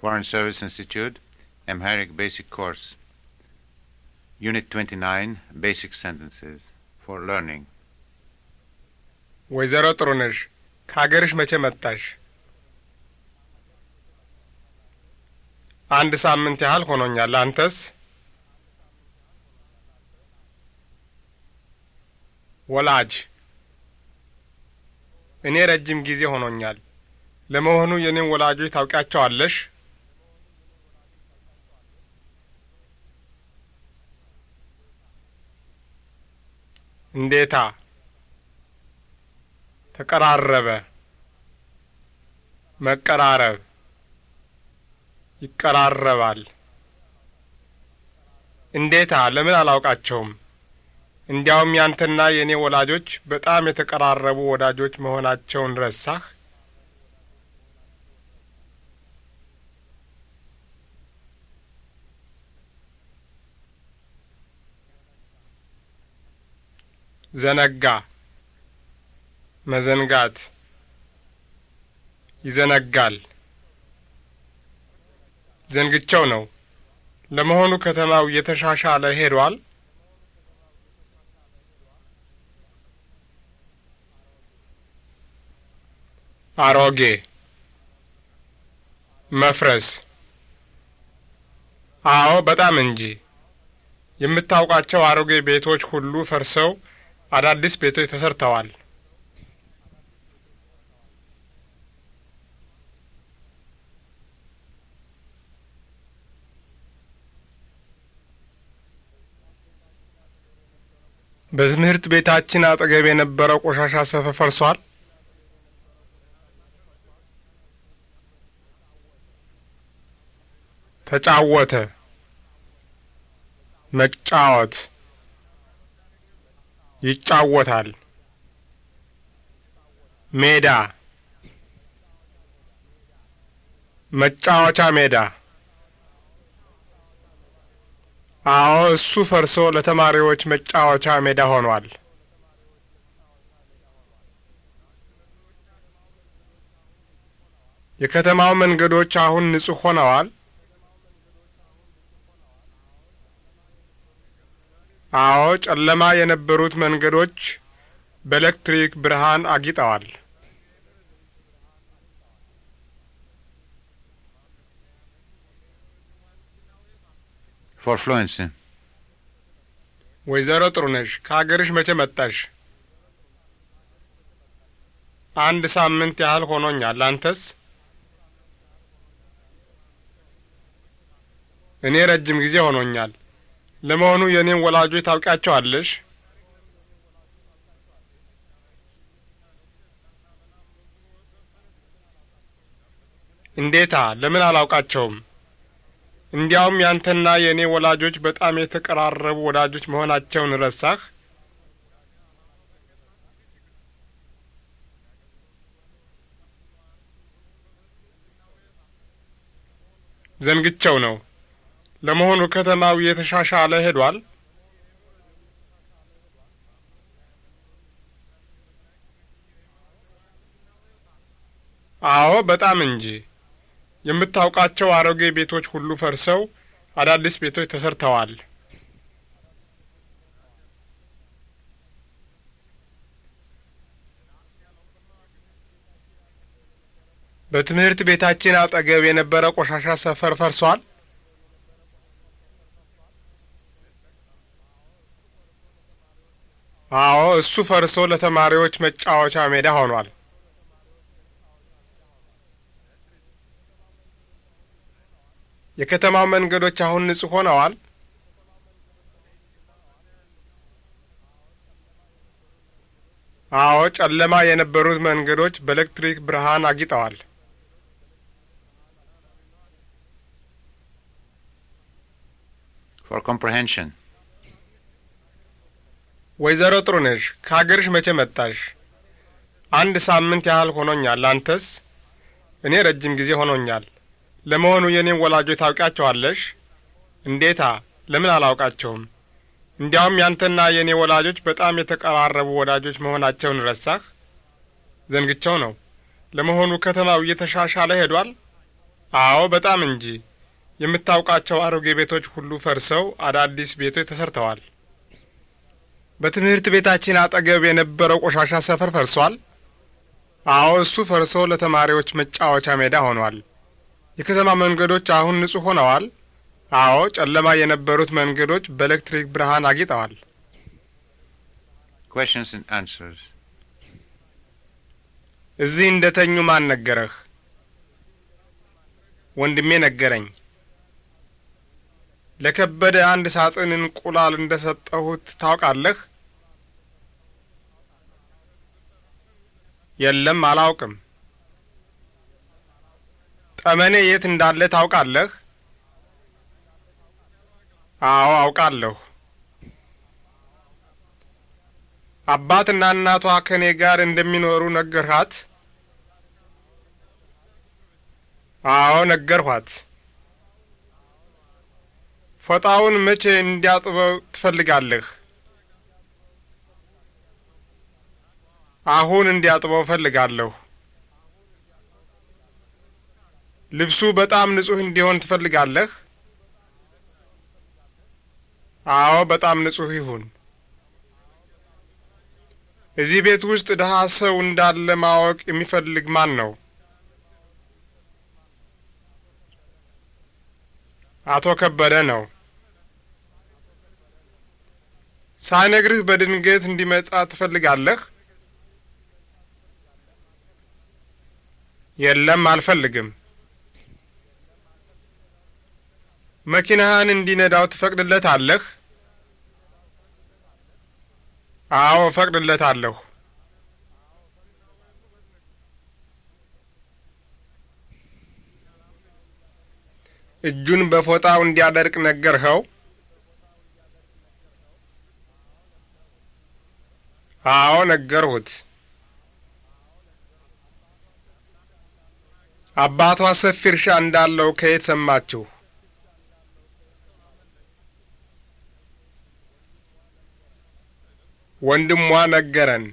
Foreign Service Institute, Amharic Basic Course, Unit 29, Basic Sentences for Learning. ወይዘሮ ጥሩነሽ ከሀገርሽ መቼ መጣሽ? አንድ ሳምንት ያህል ሆኖኛል። አንተስ? ወላጅ እኔ ረጅም ጊዜ ሆኖኛል። ለመሆኑ የኔን ወላጆች ታውቂያቸዋለሽ? እንዴታ ተቀራረበ መቀራረብ ይቀራረባል። እንዴታ ለምን አላውቃቸውም። እንዲያውም ያንተና የእኔ ወላጆች በጣም የተቀራረቡ ወዳጆች መሆናቸውን ረሳህ? ዘነጋ፣ መዘንጋት፣ ይዘነጋል። ዘንግቸው ነው። ለመሆኑ ከተማው እየተሻሻለ ሄዷል? አሮጌ፣ መፍረስ። አዎ፣ በጣም እንጂ። የምታውቃቸው አሮጌ ቤቶች ሁሉ ፈርሰው አዳዲስ ቤቶች ተሰርተዋል። በትምህርት ቤታችን አጠገብ የነበረው ቆሻሻ ሰፈር ፈርሷል። ተጫወተ፣ መጫወት ይጫወታል። ሜዳ መጫወቻ ሜዳ። አዎ፣ እሱ ፈርሶ ለተማሪዎች መጫወቻ ሜዳ ሆኗል። የከተማው መንገዶች አሁን ንጹሕ ሆነዋል? አዎ፣ ጨለማ የነበሩት መንገዶች በኤሌክትሪክ ብርሃን አጊጠዋል። ፎር ጥሩ ወይዘሮ ጥሩነሽ ከአገርሽ መቼ መጣሽ? አንድ ሳምንት ያህል ሆኖኛል። አንተስ? እኔ ረጅም ጊዜ ሆኖኛል። ለመሆኑ የእኔን ወላጆች ታውቂያቸዋለሽ? እንዴታ፣ ለምን አላውቃቸውም? እንዲያውም ያንተና የእኔ ወላጆች በጣም የተቀራረቡ ወዳጆች መሆናቸውን ረሳህ? ዘንግቸው ነው። ለመሆኑ ከተማው የተሻሻለ ሄዷል? አዎ፣ በጣም እንጂ። የምታውቃቸው አሮጌ ቤቶች ሁሉ ፈርሰው አዳዲስ ቤቶች ተሰርተዋል። በትምህርት ቤታችን አጠገብ የነበረ ቆሻሻ ሰፈር ፈርሷል። አዎ፣ እሱ ፈርሶ ለተማሪዎች መጫወቻ ሜዳ ሆኗል። የከተማው መንገዶች አሁን ንጹህ ሆነዋል። አዎ፣ ጨለማ የነበሩት መንገዶች በኤሌክትሪክ ብርሃን አጊጠዋል። For comprehension. ወይዘሮ ጥሩነሽ ከአገርሽ መቼ መጣሽ? አንድ ሳምንት ያህል ሆኖኛል። አንተስ? እኔ ረጅም ጊዜ ሆኖኛል። ለመሆኑ የእኔም ወላጆች ታውቂያቸዋለሽ? እንዴታ፣ ለምን አላውቃቸውም? እንዲያውም ያንተና የእኔ ወላጆች በጣም የተቀራረቡ ወዳጆች መሆናቸውን ረሳህ? ዘንግቸው ነው። ለመሆኑ ከተማው እየተሻሻለ ሄዷል? አዎ፣ በጣም እንጂ። የምታውቃቸው አሮጌ ቤቶች ሁሉ ፈርሰው አዳዲስ ቤቶች ተሰርተዋል። በትምህርት ቤታችን አጠገብ የነበረው ቆሻሻ ሰፈር ፈርሷል። አዎ፣ እሱ ፈርሶ ለተማሪዎች መጫወቻ ሜዳ ሆኗል። የከተማ መንገዶች አሁን ንጹሕ ሆነዋል። አዎ፣ ጨለማ የነበሩት መንገዶች በኤሌክትሪክ ብርሃን አጊጠዋል። እዚህ እንደ ተኙ ማን ነገረህ? ወንድሜ ነገረኝ። ለከበደ አንድ ሳጥን እንቁላል እንደ ሰጠሁት ታውቃለህ? የለም፣ አላውቅም። ጠመኔ የት እንዳለ ታውቃለህ? አዎ፣ አውቃለሁ። አባትና እናቷ ከእኔ ጋር እንደሚኖሩ ነገርሃት? አዎ፣ ነገርኋት። ፎጣውን መቼ እንዲያጥበው ትፈልጋለህ? አሁን እንዲያጥበው እፈልጋለሁ። ልብሱ በጣም ንጹህ እንዲሆን ትፈልጋለህ? አዎ፣ በጣም ንጹህ ይሁን። እዚህ ቤት ውስጥ ድሃ ሰው እንዳለ ማወቅ የሚፈልግ ማን ነው? አቶ ከበደ ነው። ሳይነግርህ በድንገት እንዲመጣ ትፈልጋለህ? የለም፣ አልፈልግም። መኪናህን እንዲነዳው አለህ? አዎ፣ አለሁ እጁን በፎጣው እንዲያደርቅ ነገርኸው? አዎ ነገርሁት። አባቷ ሰፊ እርሻ እንዳለው ከየት ሰማችሁ? ወንድሟ ነገረን።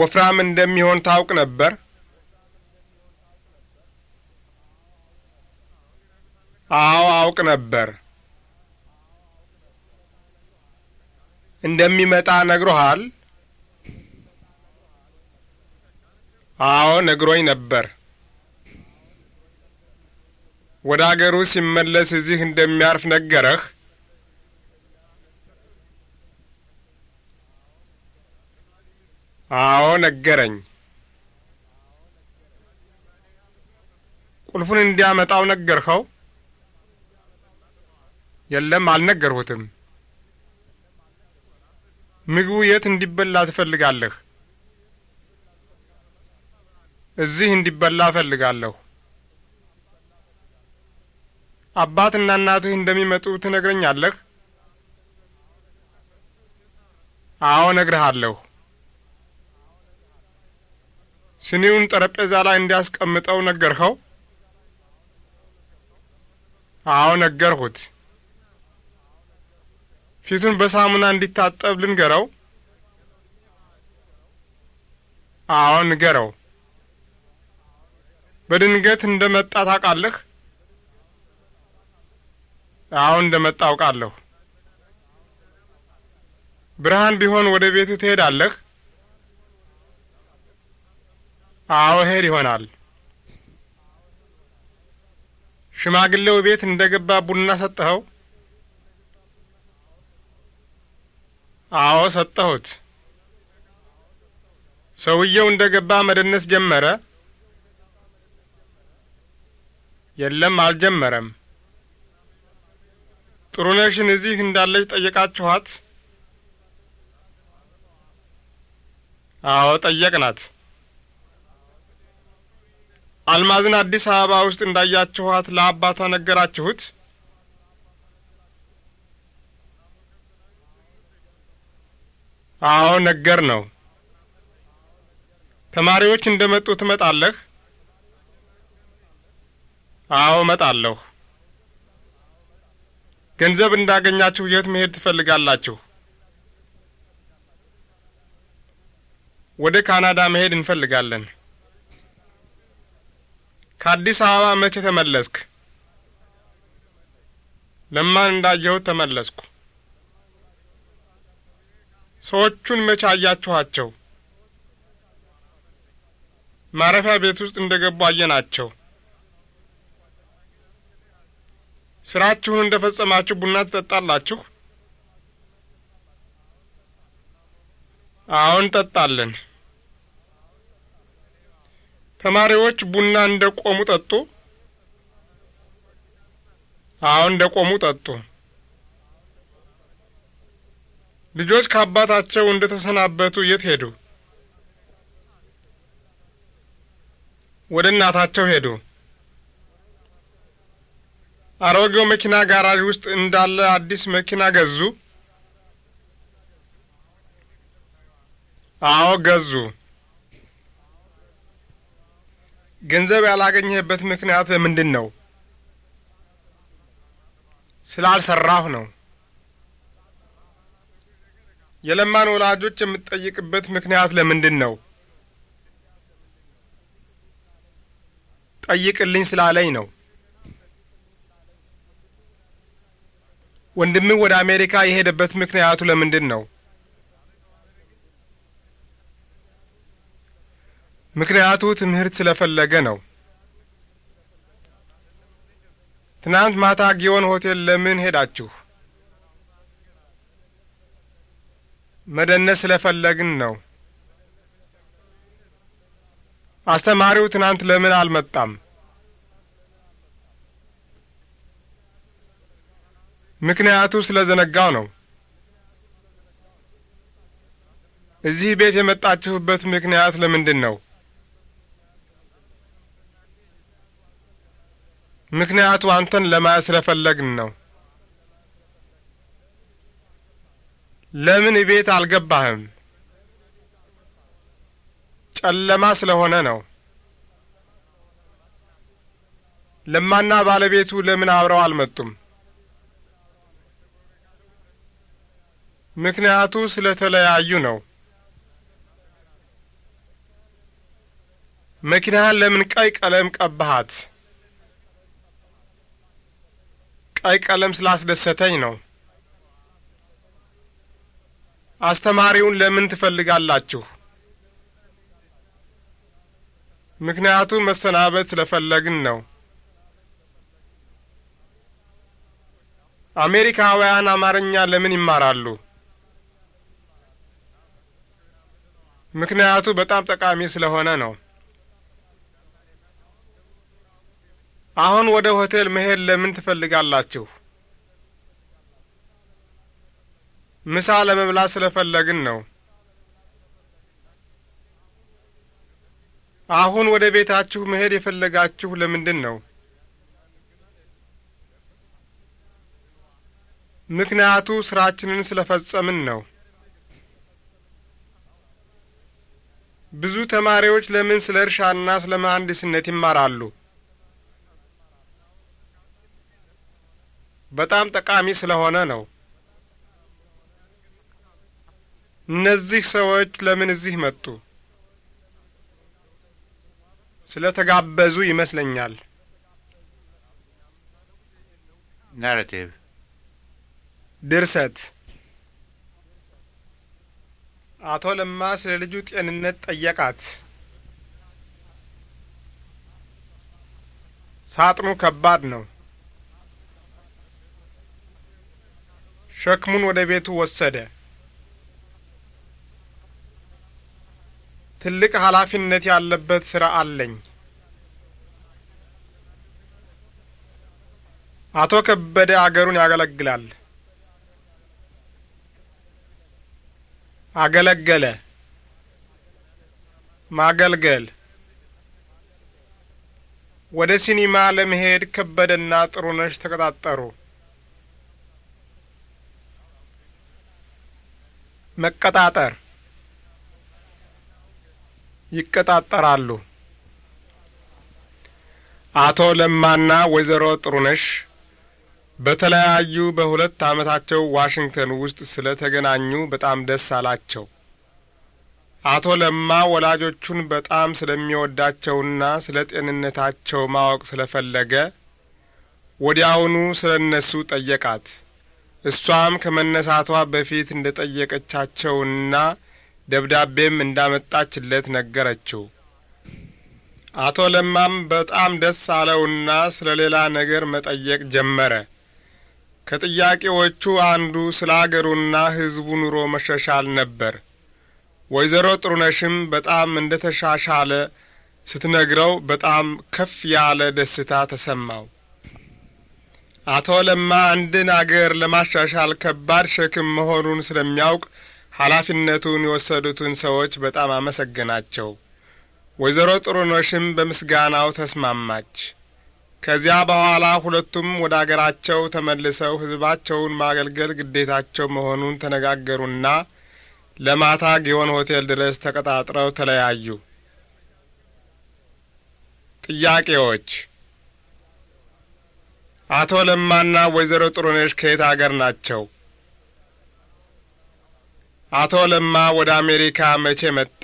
ወፍራም እንደሚሆን ታውቅ ነበር? አዎ አውቅ ነበር። እንደሚመጣ ነግሮሃል? አዎ ነግሮኝ ነበር። ወደ አገሩ ሲመለስ እዚህ እንደሚያርፍ ነገረህ? አዎ ነገረኝ። ቁልፉን እንዲያመጣው ነገርኸው? የለም፣ አልነገርሁትም። ምግቡ የት እንዲበላ ትፈልጋለህ? እዚህ እንዲበላ እፈልጋለሁ። አባትና እናትህ እንደሚመጡ ትነግረኛለህ? አዎ እነግርሃለሁ። ስኒውን ጠረጴዛ ላይ እንዲያስቀምጠው ነገርኸው? አዎ ነገርሁት። ፊቱን በሳሙና እንዲታጠብ ልንገረው? አዎ ንገረው። በድንገት እንደ መጣ ታውቃለህ? አዎ እንደ መጣ አውቃለሁ። ብርሃን ቢሆን ወደ ቤቱ ትሄዳለህ? አዎ ሄድ ይሆናል። ሽማግሌው ቤት እንደ ገባ ቡና ሰጠኸው? አዎ ሰጠሁት። ሰውየው እንደ ገባ መደነስ ጀመረ? የለም አልጀመረም። ጥሩነሽን እዚህ እንዳለች ጠየቃችኋት? አዎ ጠየቅናት። አልማዝን አዲስ አበባ ውስጥ እንዳያችኋት ለአባቷ ነገራችሁት? አዎ ነገር ነው። ተማሪዎች እንደ መጡ ትመጣለህ? አዎ እመጣለሁ። ገንዘብ እንዳገኛችሁ የት መሄድ ትፈልጋላችሁ? ወደ ካናዳ መሄድ እንፈልጋለን። ከአዲስ አበባ መቼ ተመለስክ? ለማን እንዳየሁት ተመለስኩ። ሰዎቹን መቼ አያችኋቸው? ማረፊያ ቤት ውስጥ እንደ ገቡ አየናቸው። ስራችሁን እንደ ፈጸማችሁ ቡና ትጠጣላችሁ? አሁን እንጠጣለን። ተማሪዎች ቡና እንደ ቆሙ ጠጡ? አዎን፣ እንደ ቆሙ ጠጡ። ልጆች ከአባታቸው እንደ ተሰናበቱ የት ሄዱ? ወደ እናታቸው ሄዱ። አሮጌው መኪና ጋራዥ ውስጥ እንዳለ አዲስ መኪና ገዙ? አዎ ገዙ። ገንዘብ ያላገኘህበት ምክንያት ምንድን ነው? ስላልሰራሁ ነው። የለማን ወላጆች የምትጠይቅበት ምክንያት ለምንድን ነው? ጠይቅልኝ ስላለኝ ነው። ወንድምህ ወደ አሜሪካ የሄደበት ምክንያቱ ለምንድን ነው? ምክንያቱ ትምህርት ስለፈለገ ነው። ትናንት ማታ ጊዮን ሆቴል ለምን ሄዳችሁ? መደነስ ስለፈለግን ነው። አስተማሪው ትናንት ለምን አልመጣም? ምክንያቱ ስለዘነጋው ነው። እዚህ ቤት የመጣችሁበት ምክንያት ለምንድን ነው? ምክንያቱ አንተን ለማየት ስለፈለግን ነው። ለምን ቤት አልገባህም? ጨለማ ስለሆነ ነው። ለማና ባለቤቱ ለምን አብረው አልመጡም? ምክንያቱ ስለተለያዩ ነው። መኪናህን ለምን ቀይ ቀለም ቀባሃት? ቀይ ቀለም ስላስደሰተኝ ነው። አስተማሪውን ለምን ትፈልጋላችሁ? ምክንያቱም መሰናበት ስለፈለግን ነው። አሜሪካውያን አማርኛ ለምን ይማራሉ? ምክንያቱ በጣም ጠቃሚ ስለሆነ ነው። አሁን ወደ ሆቴል መሄድ ለምን ትፈልጋላችሁ? ምሳ ለመብላት ስለፈለግን ነው። አሁን ወደ ቤታችሁ መሄድ የፈለጋችሁ ለምንድን ነው? ምክንያቱ ስራችንን ስለፈጸምን ነው። ብዙ ተማሪዎች ለምን ስለ እርሻና ስለ መሐንዲስነት ይማራሉ? በጣም ጠቃሚ ስለሆነ ነው። እነዚህ ሰዎች ለምን እዚህ መጡ? ስለ ተጋበዙ ይመስለኛል። ናራቲቭ ድርሰት አቶ ለማ ስለ ልጁ ጤንነት ጠየቃት። ሳጥኑ ከባድ ነው። ሸክሙን ወደ ቤቱ ወሰደ። ትልቅ ኃላፊነት ያለበት ሥራ አለኝ። አቶ ከበደ አገሩን ያገለግላል። አገለገለ፣ ማገልገል። ወደ ሲኒማ ለመሄድ ከበደና ጥሩነሽ ተቀጣጠሩ። መቀጣጠር ይቀጣጠራሉ። አቶ ለማና ወይዘሮ ጥሩነሽ በተለያዩ በሁለት ዓመታቸው ዋሽንግተን ውስጥ ስለ ተገናኙ በጣም ደስ አላቸው። አቶ ለማ ወላጆቹን በጣም ስለሚወዳቸውና ስለ ጤንነታቸው ማወቅ ስለፈለገ ወዲያውኑ ስለ እነሱ ጠየቃት። እሷም ከመነሳቷ በፊት እንደ ጠየቀቻቸውና ደብዳቤም እንዳመጣችለት ነገረችው። አቶ ለማም በጣም ደስ አለውና ስለ ሌላ ነገር መጠየቅ ጀመረ። ከጥያቄዎቹ አንዱ ስለ አገሩና ሕዝቡ ኑሮ መሻሻል ነበር። ወይዘሮ ጥሩነሽም በጣም እንደ ተሻሻለ ስትነግረው በጣም ከፍ ያለ ደስታ ተሰማው። አቶ ለማ አንድን አገር ለማሻሻል ከባድ ሸክም መሆኑን ስለሚያውቅ ኃላፊነቱን የወሰዱትን ሰዎች በጣም አመሰግናቸው። ወይዘሮ ጥሩኖሽም በምስጋናው ተስማማች። ከዚያ በኋላ ሁለቱም ወደ አገራቸው ተመልሰው ሕዝባቸውን ማገልገል ግዴታቸው መሆኑን ተነጋገሩና ለማታ ጊዮን ሆቴል ድረስ ተቀጣጥረው ተለያዩ። ጥያቄዎች አቶ ለማና ወይዘሮ ጥሩነሽ ከየት አገር ናቸው? አቶ ለማ ወደ አሜሪካ መቼ መጣ?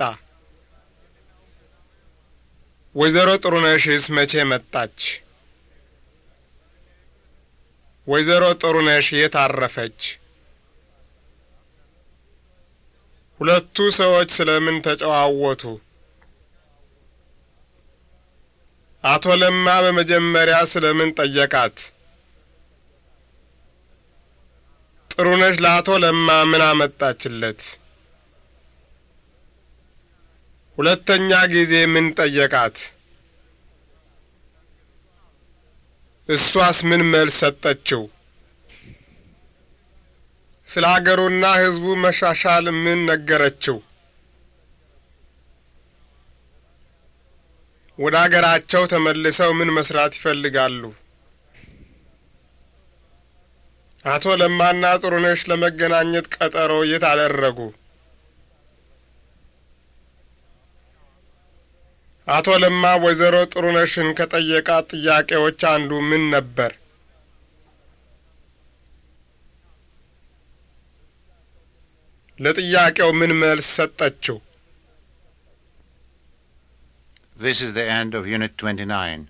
ወይዘሮ ጥሩነሽስ መቼ መጣች? ወይዘሮ ጥሩነሽ የት አረፈች? ሁለቱ ሰዎች ስለምን ተጨዋወቱ? አቶ ለማ በመጀመሪያ ስለምን ጠየቃት? ጥሩነሽ ለአቶ ለማ ምን አመጣችለት? ሁለተኛ ጊዜ ምን ጠየቃት? እሷስ ምን መልስ ሰጠችው? ስለ አገሩና ሕዝቡ መሻሻል ምን ነገረችው? ወደ አገራቸው ተመልሰው ምን መስራት ይፈልጋሉ? አቶ ለማና ጥሩነሽ ለመገናኘት ቀጠሮ የት አደረጉ? አቶ ለማ ወይዘሮ ጥሩነሽን ከጠየቃት ጥያቄዎች አንዱ ምን ነበር? ለጥያቄው ምን መልስ ሰጠችው? This is the end of Unit 29.